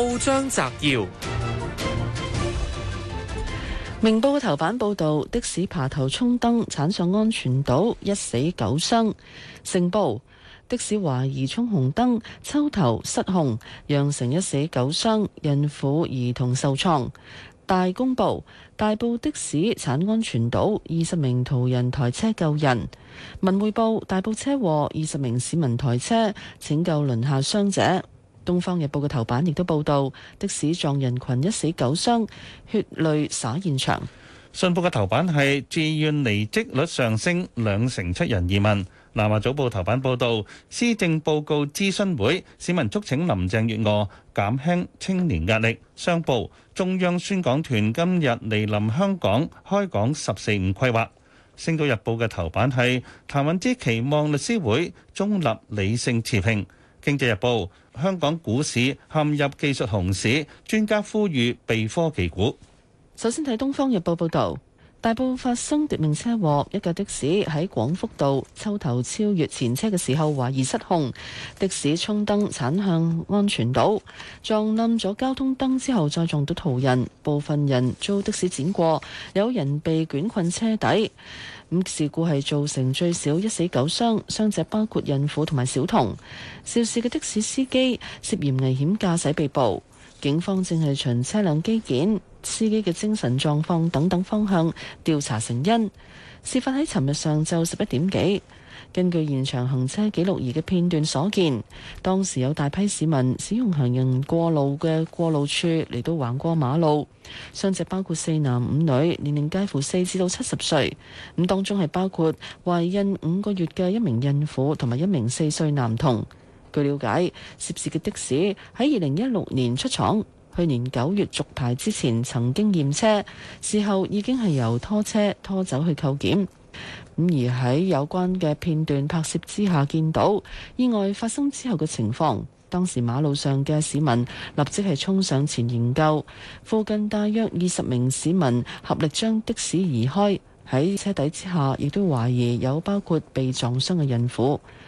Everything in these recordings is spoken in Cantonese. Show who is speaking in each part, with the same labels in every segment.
Speaker 1: 報章摘要：明報嘅頭版報道的士爬頭衝燈，鏟上安全島，一死九傷。成報的士懷疑衝紅燈，抽頭失控，釀成一死九傷，孕婦兒童受創。大公報大埔的士鏟安全島，二十名途人抬車救人。文匯報大埔車禍，二十名市民抬車拯救輪下傷者。《東方日報》嘅頭版亦都報道的士撞人群一死九傷，血淚灑現場。
Speaker 2: 《信報》嘅頭版係自願離職率上升兩成七，人移民。《南華早報》頭版報道施政報告諮詢會，市民促請林鄭月娥減輕青年壓力。商報，中央宣講團今日嚟臨香港，開講「十四五」規劃。《星島日報》嘅頭版係譚文芝期望律師會中立理性持平。《經濟日報》，香港股市陷入技術熊市，專家呼籲避科技股。
Speaker 1: 首先睇《東方日報》報導。大埔發生奪命車禍，一架的士喺廣福道抽頭超越前車嘅時候，懷疑失控，的士衝燈鏟向安全島，撞冧咗交通燈之後，再撞到途人，部分人遭的士碾過，有人被捲困車底。咁事故係造成最少一死九傷，傷者包括孕婦同埋小童。肇事嘅的、的士司機涉嫌危險駕駛被捕，警方正係循車輛機件。司機嘅精神狀況等等方向調查成因。事發喺尋日上晝十一點幾。根據現場行車記錄儀嘅片段所見，當時有大批市民使用行人過路嘅過路處嚟到橫過馬路。傷者包括四男五女，年齡介乎四至到七十歲。咁當中係包括懷孕五個月嘅一名孕婦同埋一名四歲男童。據了解，涉事嘅的士喺二零一六年出廠。去年九月續牌之前曾經驗車，事後已經係由拖車拖走去扣檢。咁而喺有關嘅片段拍攝之下，見到意外發生之後嘅情況，當時馬路上嘅市民立即係衝上前營救。附近大約二十名市民合力將的士移開，喺車底之下亦都懷疑有包括被撞傷嘅孕婦。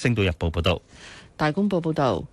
Speaker 2: 星島日報報道，
Speaker 1: 大公報報道，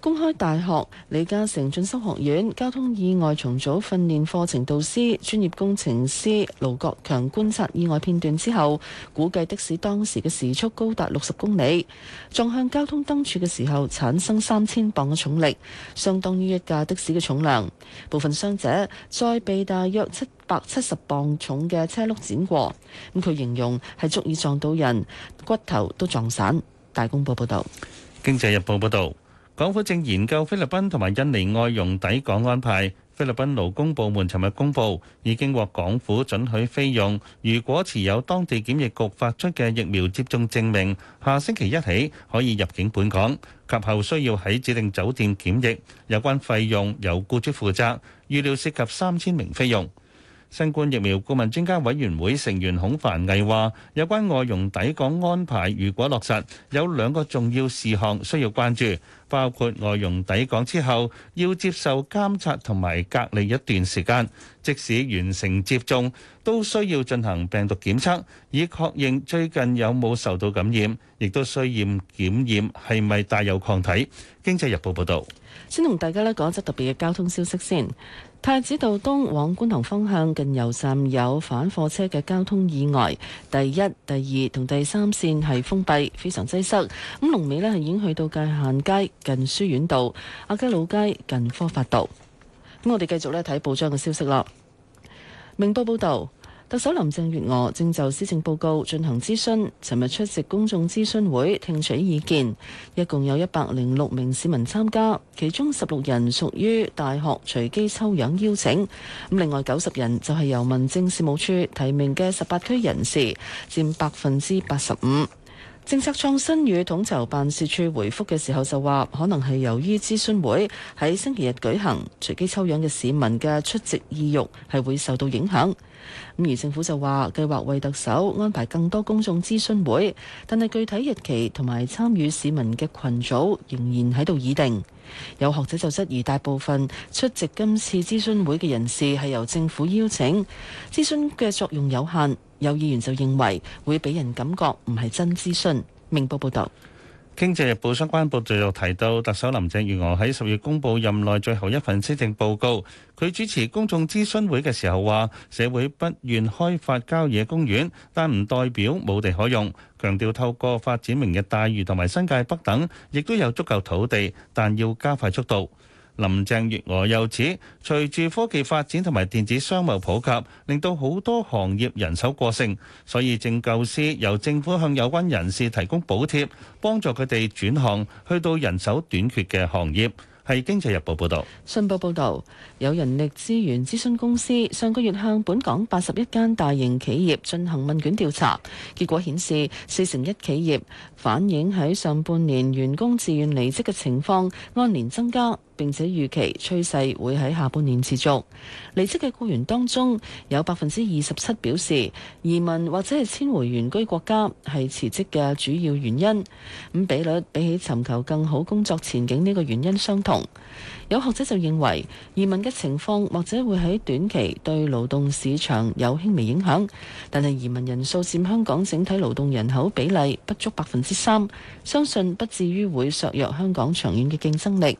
Speaker 1: 公開大學李嘉誠進修學院交通意外重組訓練課程導師、專業工程師盧國強觀察意外片段之後，估計的士當時嘅時速高達六十公里，撞向交通燈柱嘅時候產生三千磅嘅重力，相當於一架的士嘅重量。部分傷者再被大約七百七十磅重嘅車轆輾過，咁佢形容係足以撞到人骨頭都撞散。大公報報道，
Speaker 2: 《經濟日報》報道，港府正研究菲律賓同埋印尼外傭抵港安排。菲律賓勞工部門尋日公布，已經獲港府準許，菲傭如果持有當地檢疫局發出嘅疫苗接種證明，下星期一起可以入境本港，及後需要喺指定酒店檢疫，有關費用由僱主負責，預料涉及三千名菲傭。新冠疫苗顧問專家委員會成員孔凡毅話，有關外傭抵港安排，如果落實，有兩個重要事項需要關注，包括外傭抵港之後要接受監察同埋隔離一段時間，即使完成接種都需要進行病毒檢測，以確認最近有冇受到感染，亦都需要驗檢驗係咪帶有抗體。經濟日報報道，
Speaker 1: 先同大家咧講一則特別嘅交通消息先。太子道東往觀塘方向近油站有反貨車嘅交通意外，第一、第二同第三綫係封閉，非常擠塞。咁龍尾呢係已經去到界限街近書院道、亞皆老街近科發道。咁我哋繼續呢睇報章嘅消息啦。明報報道。特首林鄭月娥正就施政報告進行諮詢，尋日出席公眾諮詢會聽取意見，一共有一百零六名市民參加，其中十六人屬於大學隨機抽樣邀請，咁另外九十人就係由民政事務處提名嘅十八區人士，佔百分之八十五。政策創新與統籌辦事處回覆嘅時候就話，可能係由於諮詢會喺星期日舉行，隨機抽樣嘅市民嘅出席意欲係會受到影響。咁而政府就話，計劃為特首安排更多公眾諮詢會，但係具體日期同埋參與市民嘅群組仍然喺度議定。有學者就質疑大部分出席今次諮詢會嘅人士係由政府邀請，諮詢嘅作用有限。有議員就認為會俾人感覺唔係真諮詢。明報報道，
Speaker 2: 《經濟日報》相關報道又提到，特首林鄭月娥喺十月公布任內最後一份施政報告，佢主持公眾諮詢會嘅時候話：社會不願開發郊野公園，但唔代表冇地可用。強調透過發展明日大嶼同埋新界北等，亦都有足夠土地，但要加快速度。林鄭月娥又指，隨住科技發展同埋電子商務普及，令到好多行業人手過剩，所以正教師由政府向有關人士提供補貼幫助佢哋轉行去到人手短缺嘅行業，係經濟日報報道，
Speaker 1: 信報報道有人力資源諮詢公司上個月向本港八十一間大型企業進行問卷調查，結果顯示四成一企業反映喺上半年員工自願離職嘅情況按年增加。並且預期趨勢會喺下半年持續。離職嘅僱員當中有百分之二十七表示移民或者係遷回原居國家係辭職嘅主要原因。咁比率比起尋求更好工作前景呢個原因相同。有學者就認為移民嘅情況或者會喺短期對勞動市場有輕微影響，但係移民人數佔香港整體勞動人口比例不足百分之三，相信不至於會削弱香港長遠嘅競爭力。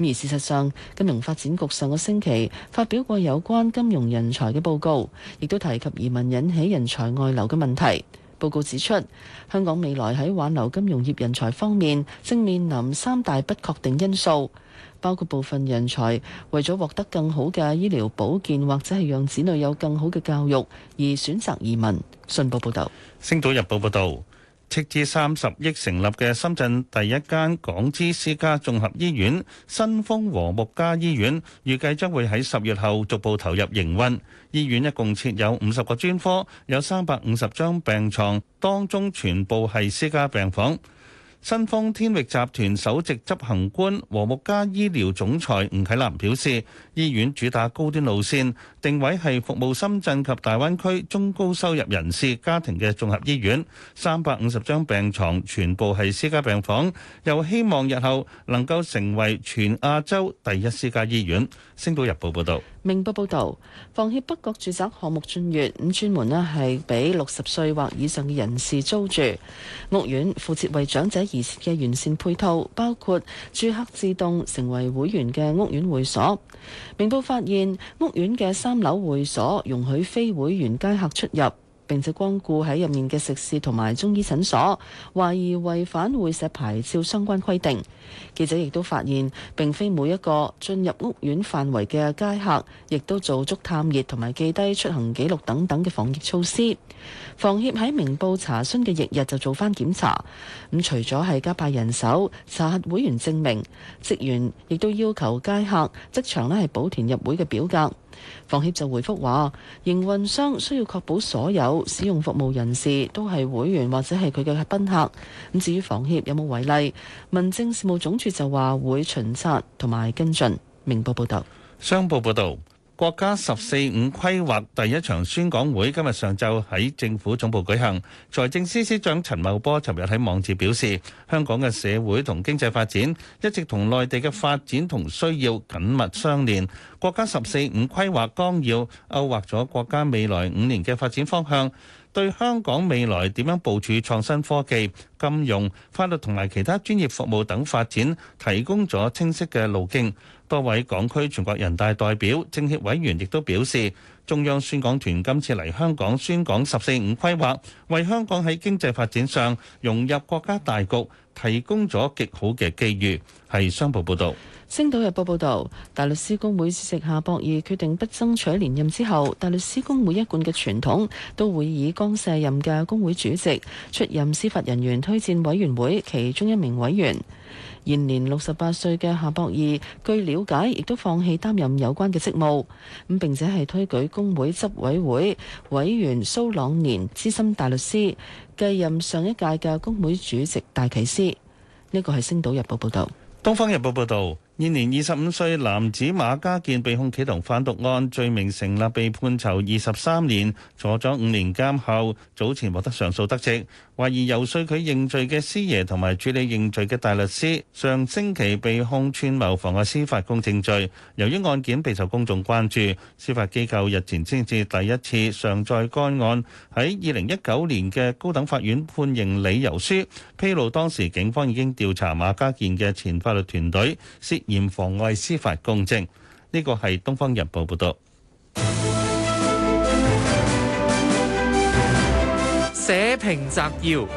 Speaker 1: 而事實上，金融發展局上個星期發表過有關金融人才嘅報告，亦都提及移民引起人才外流嘅問題。報告指出，香港未來喺挽留金融業人才方面，正面臨三大不確定因素，包括部分人才為咗獲得更好嘅醫療保健，或者係讓子女有更好嘅教育而選擇移民。信報報導，
Speaker 2: 《星島日報》報導。斥資三十億成立嘅深圳第一間港資私家綜合醫院新豐和睦家醫院，預計將會喺十月後逐步投入營運。醫院一共設有五十個專科，有三百五十張病床，當中全部係私家病房。新風天域集團首席執行官和睦家醫療總裁吳啟南表示：醫院主打高端路線，定位係服務深圳及大灣區中高收入人士家庭嘅綜合醫院。三百五十張病床全部係私家病房，又希望日後能夠成為全亞洲第一私家醫院。星島日報報道：
Speaker 1: 「明報報道，房協北角住宅項目雋悅，五專門咧係俾六十歲或以上嘅人士租住屋苑，附設為長者。而設嘅完善配套，包括住客自動成為會員嘅屋苑會所。明報發現，屋苑嘅三樓會所容許非會員街客出入。並且光顧喺入面嘅食肆同埋中醫診所，懷疑違反會社牌照相關規定。記者亦都發現，並非每一個進入屋苑範圍嘅街客，亦都做足探熱同埋記低出行記錄等等嘅防疫措施。房協喺明報查詢嘅翌日就做翻檢查，咁除咗係加派人手查核會員證明，職員亦都要求街客即場咧係補填入會嘅表格。房協就回覆話，營運商需要確保所有使用服務人士都係會員或者係佢嘅賓客。咁至於房協有冇違例，民政事務總署就話會巡察同埋跟進。明報報道，
Speaker 2: 商報報道。國家十四五規劃第一場宣講會今日上晝喺政府總部舉行，財政司司長陳茂波尋日喺網誌表示，香港嘅社會同經濟發展一直同內地嘅發展同需要緊密相連。國家十四五規劃綱要勾畫咗國家未來五年嘅發展方向，對香港未來點樣部署創新科技、金融、法律同埋其他專業服務等發展提供咗清晰嘅路徑。多位港區全國人大代表、政協委員亦都表示，中央宣講團今次嚟香港宣講「十四五」規劃，為香港喺經濟發展上融入國家大局提供咗極好嘅機遇。係商報報道。
Speaker 1: 《星島日報》報道，大律師公會主席夏博義決定不爭取連任之後，大律師公會一貫嘅傳統都會以剛卸任嘅公會主席出任司法人員推薦委員會其中一名委員。現年六十八歲嘅夏博義，據了解亦都放棄擔任有關嘅職務，咁並且係推舉工會執委會委員蘇朗年資深大律師繼任上一屆嘅工會主席戴啟思。呢個係《星島日報》報道。
Speaker 2: 《東方日報》報道，現年二十五歲男子馬家健被控企圖販毒案罪名成立，被判囚二十三年，坐咗五年監後，早前獲得上訴得直。懷疑遊說佢認罪嘅師爺同埋處理認罪嘅大律師，上星期被控串謀妨礙司法公正罪。由於案件備受公眾關注，司法機構日前先至第一次上載該案喺二零一九年嘅高等法院判刑理由書，披露當時警方已經調查馬家健嘅前法律團隊涉嫌妨礙司法公正。呢個係《東方日報》報道。寫評摘要，
Speaker 1: 《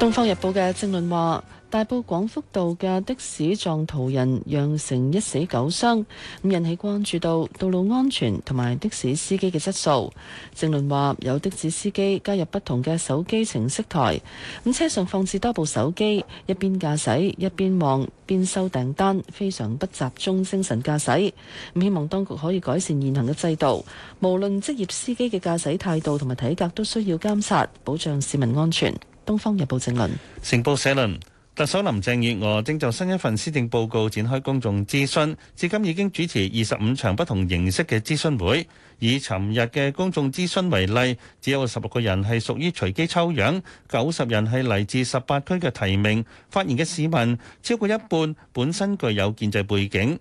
Speaker 1: 東方日報》嘅正論話。大埔廣福道嘅的、的士撞途人，釀成一死九傷，引起關注到道路安全同埋的士司機嘅質素。正論話，有的士司機加入不同嘅手機程式台，咁車上放置多部手機，一邊駕駛一邊望邊收訂單，非常不集中精神駕駛。咁希望當局可以改善現行嘅制度，無論職業司機嘅駕駛態度同埋體格都需要監察，保障市民安全。《東方日報》正論。
Speaker 2: 成報社論。特首林鄭月娥正就新一份施政報告展開公眾諮詢，至今已經主持二十五場不同形式嘅諮詢會。以尋日嘅公眾諮詢為例，只有十六個人係屬於隨機抽樣，九十人係嚟自十八區嘅提名。發言嘅市民超過一半本身具有建制背景。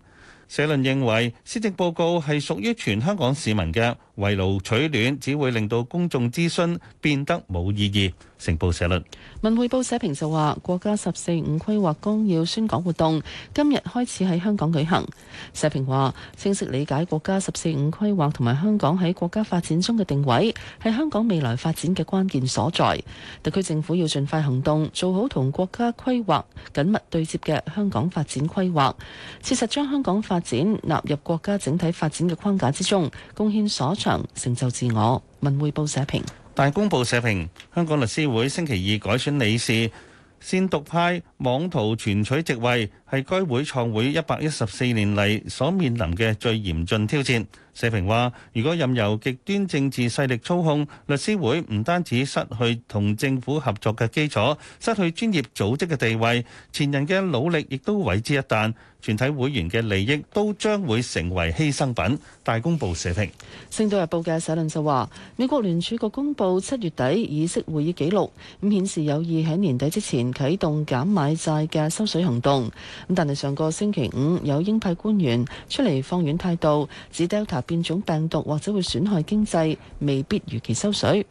Speaker 2: 社論認為施政報告係屬於全香港市民嘅圍爐取暖，只會令到公眾諮詢變得冇意義。成報社論。
Speaker 1: 文匯報社評就話，國家十四五規劃綱要宣講活動今日開始喺香港舉行。社評話，清晰理解國家十四五規劃同埋香港喺國家發展中嘅定位，係香港未來發展嘅關鍵所在。特區政府要盡快行動，做好同國家規劃緊密對接嘅香港發展規劃，切實將香港發展納入國家整體發展嘅框架之中，貢獻所長，成就自我。文匯報社評，
Speaker 2: 大公報社評，香港律師會星期二改選理事，先獨派。妄圖篡取席位係該會創會一百一十四年嚟所面臨嘅最嚴峻挑戰。社評話，如果任由極端政治勢力操控，律師會唔單止失去同政府合作嘅基礎，失去專業組織嘅地位，前人嘅努力亦都毀之一旦，全體會員嘅利益都將會成為犧牲品。大公報社評，
Speaker 1: 星島日報嘅社論就話，美國聯儲局公布七月底議息會議紀錄，咁顯示有意喺年底之前啟動減慢。債嘅收水行動咁，但係上個星期五有鷹派官員出嚟放軟態度，指 Delta 變種病毒或者會損害經濟，未必如期收水。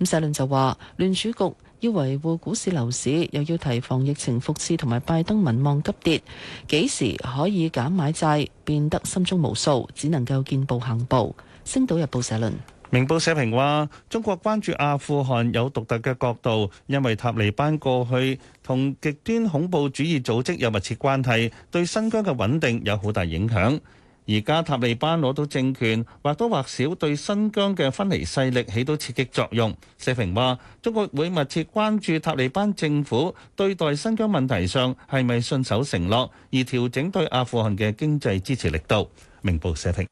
Speaker 1: 咁社論就話聯儲局要維護股市樓市，又要提防疫情復熾同埋拜登民望急跌，幾時可以減買債變得心中無數，只能夠見步行步。《星島日報》社論。
Speaker 2: 明報社評話：中國關注阿富汗有獨特嘅角度，因為塔利班過去同極端恐怖主義組織有密切關係，對新疆嘅穩定有好大影響。而家塔利班攞到政權，或多或少對新疆嘅分離勢力起到刺激作用。社評話：中國會密切關注塔利班政府對待新疆問題上係咪信守承諾，而調整對阿富汗嘅經濟支持力度。明報社評。